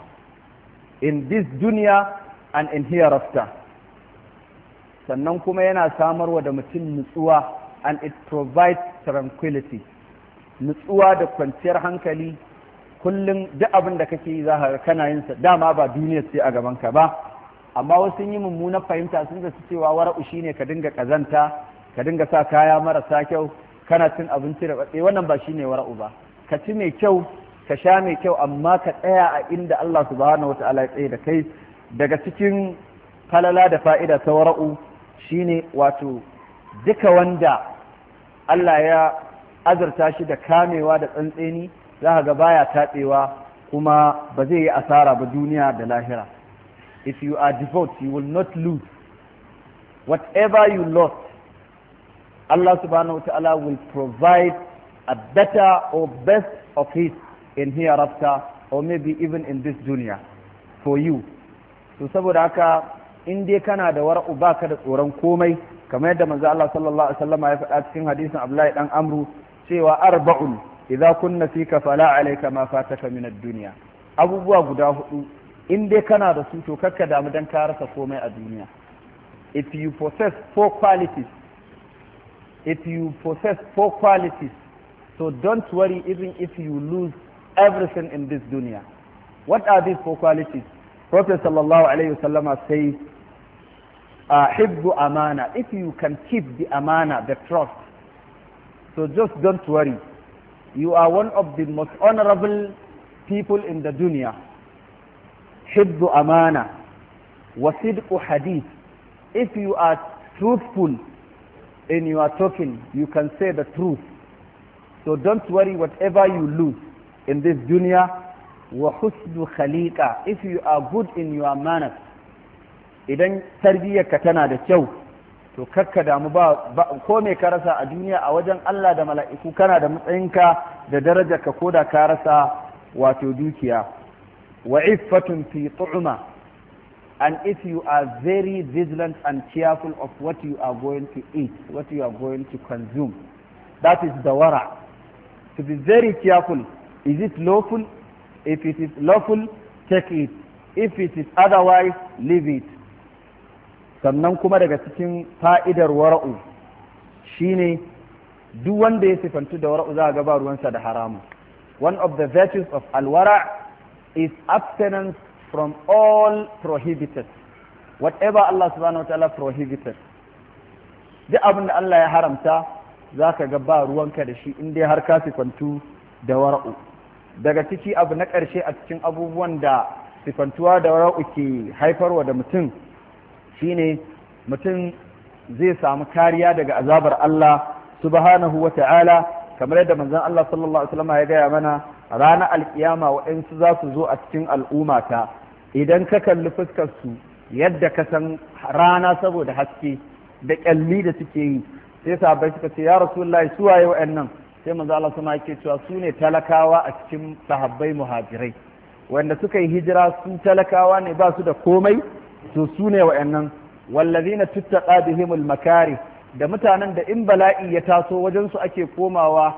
Speaker 1: in this dunya and in hereafter sannan kuma yana samarwa da mutum nutsuwa and it provides tranquility nutsuwa da kwanciyar hankali kullum duk abin da kake yi za ka kana yin sa dama ba duniya ce a gaban ka ba amma wasu yi mummunar fahimta sun su cewa wara'u shine ka dinga kazanta ka dinga sa kaya marasa kyau kana cin abinci da batse wannan ba shine wara'u ba ka ci mai kyau ka sha mai kyau amma ka tsaya a inda Allah subhanahu wata'ala ya tsaye da kai daga cikin falala da fa'ida ta wara'u shine wato duka wanda Allah ya azurta shi da kamewa da tsantseni za ka ga baya tatsewa kuma ba zai yi asara ba duniya da lahira if you are devout you will not lose whatever you lost Allah subhanahu wa ta'ala will provide a better or best of his in hereafter or maybe even in this dunya for you to saboda haka in dai kana da wara'u baka da tsoron komai kamar yadda manzo Allah sallallahu alaihi wasallam ya faɗa cikin hadisin Abdullahi dan Amru cewa arba'un idza kunna fika fala alayka ma fataka min ad-dunya abubuwa guda hudu in dai kana da su to kakka damu dan ka rasa komai a duniya if you possess four qualities if you possess four qualities so don't worry even if you lose everything in this dunya what are these four qualities prophet sallallahu alaihi wasallam says uh, hibbu amana if you can keep the amana the trust so just don't worry you are one of the most honorable people in the dunya hibdu amana wa sidqu if you are truthful in your talking you can say the truth so don't worry whatever you lose in this dunya wa husnu khaliqa if you are good in your manners idan tarbiyyarka tana da kyau to kakka damu ba ko me ka rasa a duniya a wajen Allah da mala'iku kana da matsayinka da darajarka ko da ka rasa wato dukiya wa iffatun fi tu'ma and if you are very vigilant and careful of what you are going to eat what you are going to consume that is wara to be very careful is it lawful if it is lawful take it if it is otherwise leave it sannan kuma daga cikin fa'idar wara'u shine duk wanda ya sifantu da wara'u za a ga ruwansa da haramu one of the virtues of alwara is abstinence from all prohibited whatever Allah subhanahu wa ta'ala prohibited duk abin da Allah ya haramta za ka ga ruwanka da shi in dai har ka sifantu da wara'u daga ciki abu na ƙarshe a cikin abubuwan da sifantuwa da wara'u ke haifarwa da mutum shine mutum zai samu kariya daga azabar Allah subhanahu wa ta'ala kamar yadda manzon Allah sallallahu alaihi wasallam ya gaya mana ranar alkiyama waɗansu za su zo a cikin al'umata idan ka kalli fuskar su yadda ka san rana saboda haske da kyalli da suke yi sai sahabbai suka ce ya rasulullahi su waye waɗannan sai manzo Allah sama yake cewa su ne talakawa a cikin sahabbai muhajirai wanda suka yi hijira su talakawa ne ba su da komai to su ne wa'annan na tuttaqa bihimul makari da mutanen da in bala'i ya taso wajensu ake komawa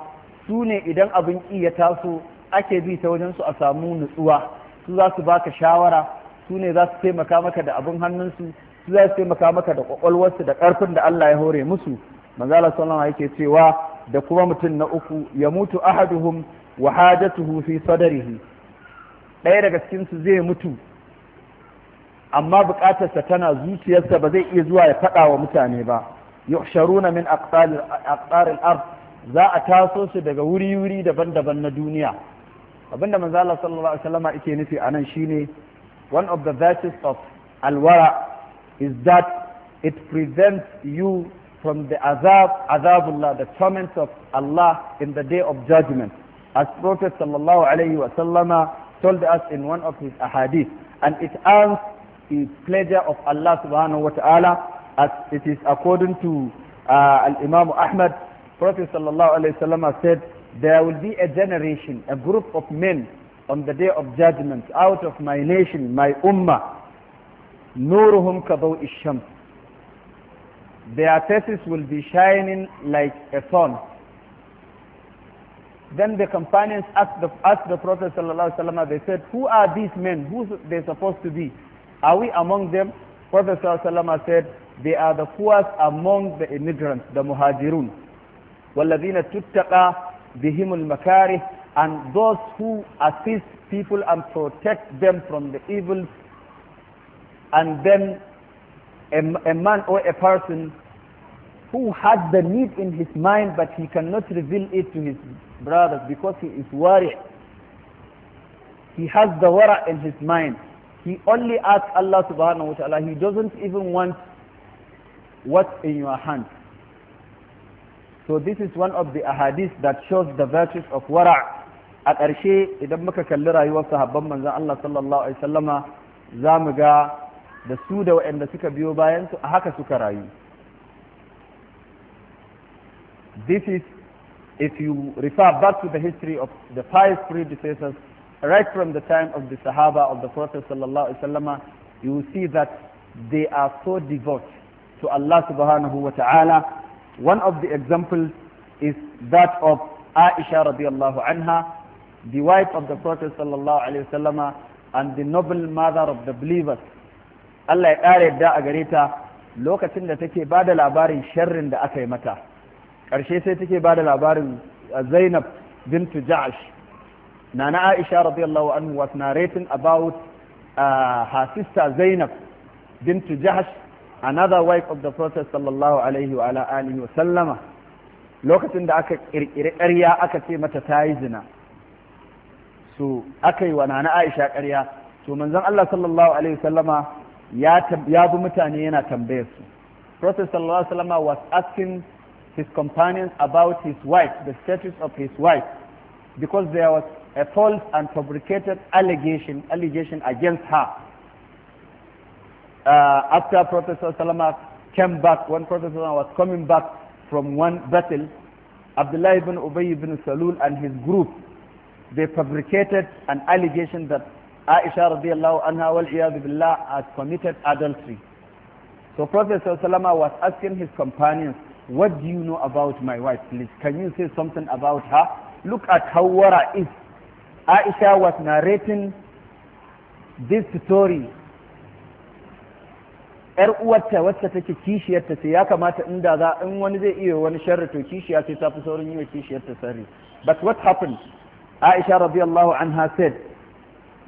Speaker 1: su ne idan abin ƙi ya taso ake bi ta wajensu a samu nutsuwa su za su baka shawara su ne za su taimaka maka da abin hannunsu su za su taimaka maka da kwakwalwarsu da ƙarfin da Allah ya hore musu manzo Allah yake cewa da kuma mutum na uku ya mutu ahaduhum wa hajatuhu fi sadarihi ɗaya daga cikinsu zai mutu amma buƙatarsa tana zuciyarsa ba zai iya zuwa ya faɗa wa mutane ba yuhsharuna min aqtaril ard za a taso su daga wuri-wuri daban-daban na duniya abinda manzo Allah sallallahu alaihi wasallam yake nufi anan shine one of the virtues of alwara is that it prevents you from the azab azabullah the torment of Allah in the day of judgment as prophet sallallahu alaihi wasallam told us in one of his ahadith and it answers The pleasure of Allah subhanahu wa ta'ala as it is according to uh, Al-Imam Ahmad, Prophet sallallahu alayhi wasallam said, there will be a generation, a group of men on the day of judgment out of my nation, my ummah, nuruhum kabaw isham. Their faces will be shining like a sun. Then the companions asked the, asked the Prophet sallallahu alaihi wasallam. They said, "Who are these men? Who they supposed to be?" Are we among them? Prophet ﷺ said, they are the poorest among the immigrants, the muhajirun. وَالَّذِينَ تُتَّقَى بِهِمُ الْمَكَارِهِ And those who assist people and protect them from the evils. And then a, a man or a person who had the need in his mind but he cannot reveal it to his brothers because he is worried. He has the wara in his mind. He only asks Allah subhanahu wa ta'ala. He doesn't even want what's in your hand. So this is one of the ahadith that shows the virtues of wara' a ƙarshe idan muka kalli rayuwar sahabban manzon Allah sallallahu alaihi wasallama za mu ga da su da waɗanda suka biyo bayan su a haka suka rayu this is if you refer back to the history of the five predecessors right from the time of the Sahaba of the Prophet sallallahu you will see that they are so devout to Allah subhanahu wa ta'ala. One of the examples is that of Aisha radiallahu anha, the wife of the Prophet sallallahu alaihi and the noble mother of the believers. Allah ya ƙare da a gare ta lokacin da take ba da labarin sharrin da aka yi mata. Ƙarshe sai take ba da labarin Zainab bintu Ja'ash Nana Aisha radiyallahu anhu was narrating about uh, her sister Zainab bint Jahash, another wife of the Prophet sallallahu alaihi wa alihi wa sallama. Lokacin da aka kirkiri ƙarya aka ce mata ta yi zina. So aka yi wa Nana Aisha ƙarya. To manzon Allah sallallahu alaihi wa sallama ya bi mutane yana tambayar su. Prophet sallallahu alaihi wa sallama was asking his companions about his wife, the status of his wife, because there was a false and fabricated allegation, allegation against her. Uh, after Professor Salama came back, when professor Salama was coming back from one battle, Abdullah ibn Ubay ibn Salul and his group, they fabricated an allegation that Aisha radiallahu anha wal billah has committed adultery. So Professor Salama was asking his companions, what do you know about my wife, please? Can you say something about her? Look at how Wara is Aisha was narrating this story ‘yar uwarta wacce take kishiyarta sai ya kamata inda za in wani zai iya wani sharri to kishiya sai ta fi saurin yi wa kishiyarta sharri but what happened Aisha radiyallahu anha said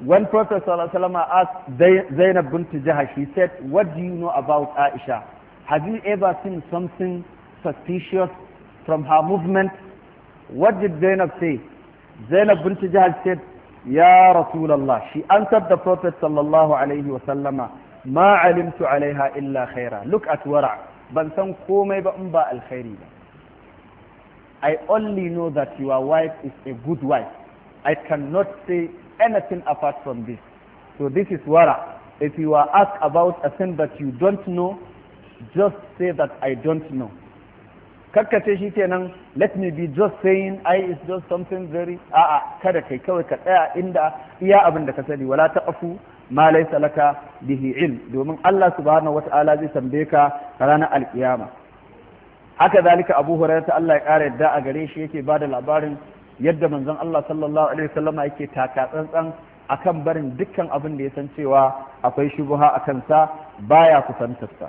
Speaker 1: when Prophet sallallahu asked Zainab bint Jahash he said what do you know about Aisha have you ever seen something suspicious from her movement what did Zainab say zainab binti jihar said ya rasulallah she answered the prophet sallallahu alaihi wa sallama ma alimtu alaiha illa khaira look at wara ban san komai ba in ba alkhairi ba i only know that your wife is a good wife i cannot say anything apart from this so this is wara if you are asked about a thing that you don't know just say that i don't know kakkace shi kenan let me be just saying i is just something very a'a kada kai kawai ka tsaya inda iya abin da ka sani wala taqfu ma laysa laka bihi ilm domin Allah subhanahu wata'ala zai tambaye ka ranar alkiyama haka zalika Abu Hurairah Allah ya kare yadda a gare shi yake bada labarin yadda manzon Allah sallallahu alaihi wasallama yake taka tsantsan akan barin dukkan abin da ya san cewa akwai shubuha akan sa baya kusantarsa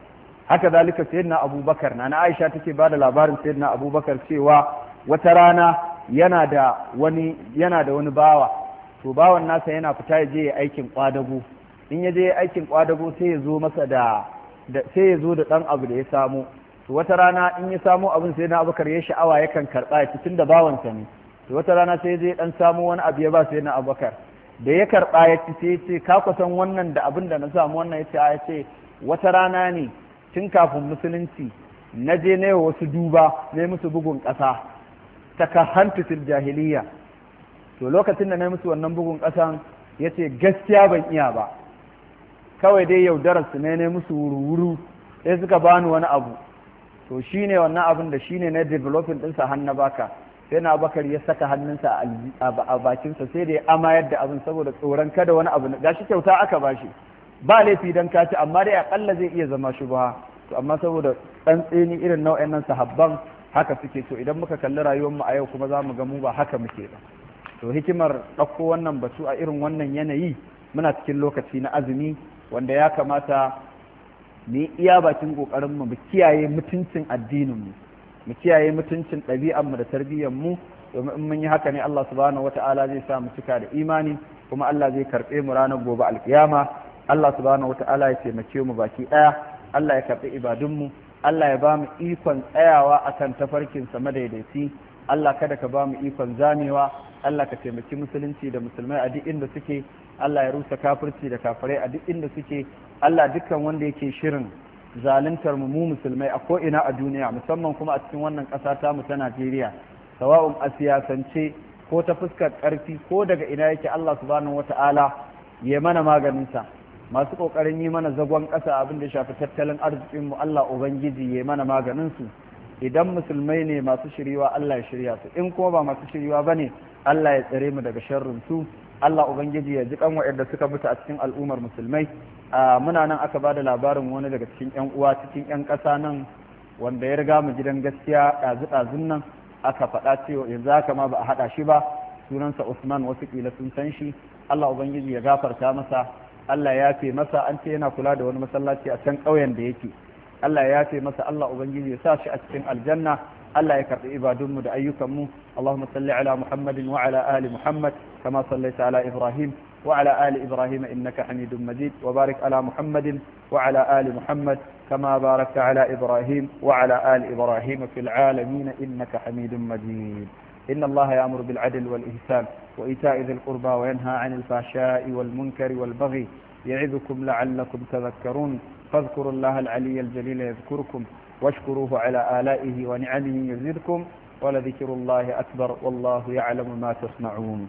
Speaker 1: haka zalika sayyidina abubakar na aisha take bada labarin sayyidina abubakar cewa wata rana yana da wani yana da wani bawa to bawan nasa yana fita ya je ya aikin kwadago in ya je aikin kwadago sai ya zo masa da sai ya zo da dan abu da ya samu to wata rana in ya samu abin sayyidina na abubakar ya sha'awa yakan karba ya tun da bawansa ne to wata rana sai je dan samu wani abu ya ba sayyidina na abubakar da ya karba ya ci sai ya ce ka kusan wannan da abin da na samu wannan ya ce a ya ce wata rana ne tun kafin musulunci na je na wasu duba na musu bugun ƙasa ta kahantu fil jahiliya to lokacin da na musu wannan bugun ƙasan ya ce gaskiya ban iya ba kawai dai yaudarar su ne na musu wuru-wuru sai suka bani wani abu to shine wannan abin da shi ne na developing ɗinsa hannu na baka sai na bakar ya saka hannunsa a bakinsa sai da ya amayar da abin saboda tsoron kada wani abu gashi kyauta aka bashi shi ba laifi don ka amma dai akalla zai iya zama shubha to amma saboda tseni irin nau'in nan sahabban haka suke to idan muka kalli rayuwar mu a yau kuma zamu ga mu ba haka muke ba to hikimar ɗauko wannan batu a irin wannan yanayi muna cikin lokaci na azumi wanda ya kamata mu iya bakin kokarin mu kiyaye mutuncin addinin mu mu kiyaye mutuncin ɗabi'ar mu da tarbiyyar mu domin in mun yi haka ne Allah subhanahu wata'ala zai sa mu cika da imani kuma Allah zai karɓe mu ranar gobe alkiyama Allah subhanahu wata'ala ya taimake mu baki ɗaya Allah ya karɓi ibadunmu Allah ya ba mu ikon tsayawa akan sa madaidaici Allah kada ka ba mu ikon zamewa Allah ka taimaki musulunci da musulmai a duk inda suke Allah ya rusa kafirci da kafirai a duk inda suke Allah dukkan wanda yake shirin zaluntar mu mu musulmai a ko'ina a duniya musamman kuma a cikin wannan ƙasa ta mu ta Najeriya sawa'un a siyasance ko ta fuskar ƙarfi ko daga ina yake Allah subhanahu wata'ala ya mana maganinsa masu kokarin yi mana zagon kasa abin da shafi tattalin arzikin mu Allah ubangiji ya mana maganin su idan musulmai ne masu shiriwa Allah ya shirya su in kuma ba masu shiriwa bane Allah ya tsare mu daga sharrin su Allah ubangiji ya ji kan wa'anda suka mutu a cikin al'ummar musulmai muna nan aka bada labarin wani daga cikin yan uwa cikin yan kasa nan wanda ya riga mu gidan gaskiya ɗazu-ɗazun nan aka faɗa cewa yanzu haka ma ba a haɗa shi ba sunansa Usman wasu kila sun san shi Allah ubangiji ya gafarta masa Allah ya fi masa an ce yana kula da wani masallaci a can ƙauyen da yake Allah ya fi masa Allah ubangiji ya sa shi a cikin aljanna Allah ya karbi ibadunmu da ayyukanmu Allahumma salli ala Muhammadin wa ala ali Muhammad kama sallaita ala Ibrahim wa ala ali Ibrahim innaka Hamidum Majid wa barik ala Muhammadin wa ala ali Muhammad kama barakta ala Ibrahim wa ala ali Ibrahim fil alamin innaka Hamidum Majid إن الله يأمر بالعدل والإحسان وإيتاء ذي القربى وينهى عن الفحشاء والمنكر والبغي يعظكم لعلكم تذكرون فاذكروا الله العلي الجليل يذكركم واشكروه على آلائه ونعمه يزدكم ولذكر الله أكبر والله يعلم ما تصنعون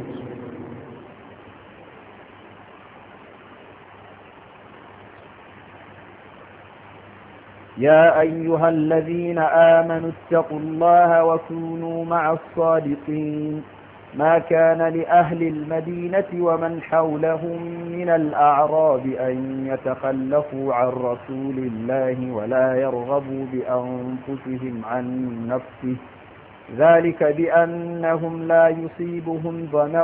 Speaker 1: يا أيها الذين آمنوا اتقوا الله وكونوا مع الصادقين ما كان لأهل المدينة ومن حولهم من الأعراب أن يتخلفوا عن رسول الله ولا يرغبوا بأنفسهم عن نفسه ذلك بأنهم لا يصيبهم ظمأ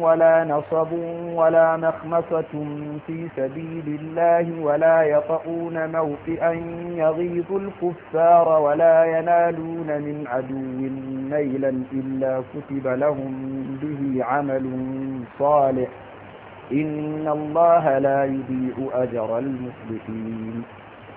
Speaker 1: ولا نصب ولا مخمصة في سبيل الله ولا يطؤون موطئا يغيظ الكفار ولا ينالون من عدو نيلا إلا كتب لهم به عمل صالح إن الله لا يضيع أجر المصلحين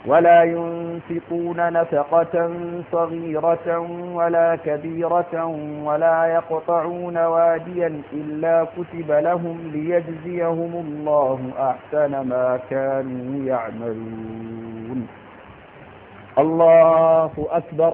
Speaker 1: ولا ينفقون نفقة صغيرة ولا كبيرة ولا يقطعون واديا إلا كتب لهم ليجزيهم الله أحسن ما كانوا يعملون الله أكبر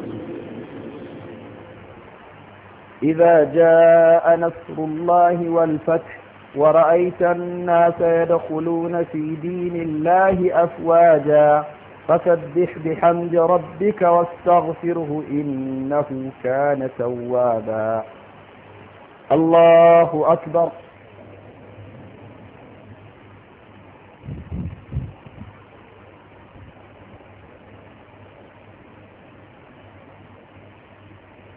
Speaker 1: إذا جاء نصر الله والفتح ورأيت الناس يدخلون في دين الله أفواجا فسبح بحمد ربك واستغفره إنه كان توابا الله أكبر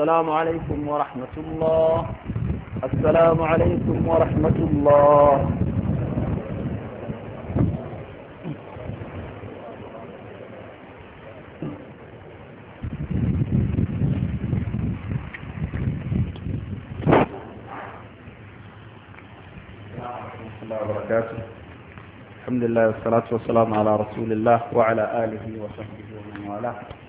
Speaker 1: السلام عليكم ورحمة الله السلام عليكم ورحمة الله وبركاته الحمد لله والصلاة والسلام على رسول الله وعلى آله وصحبه ومن والاه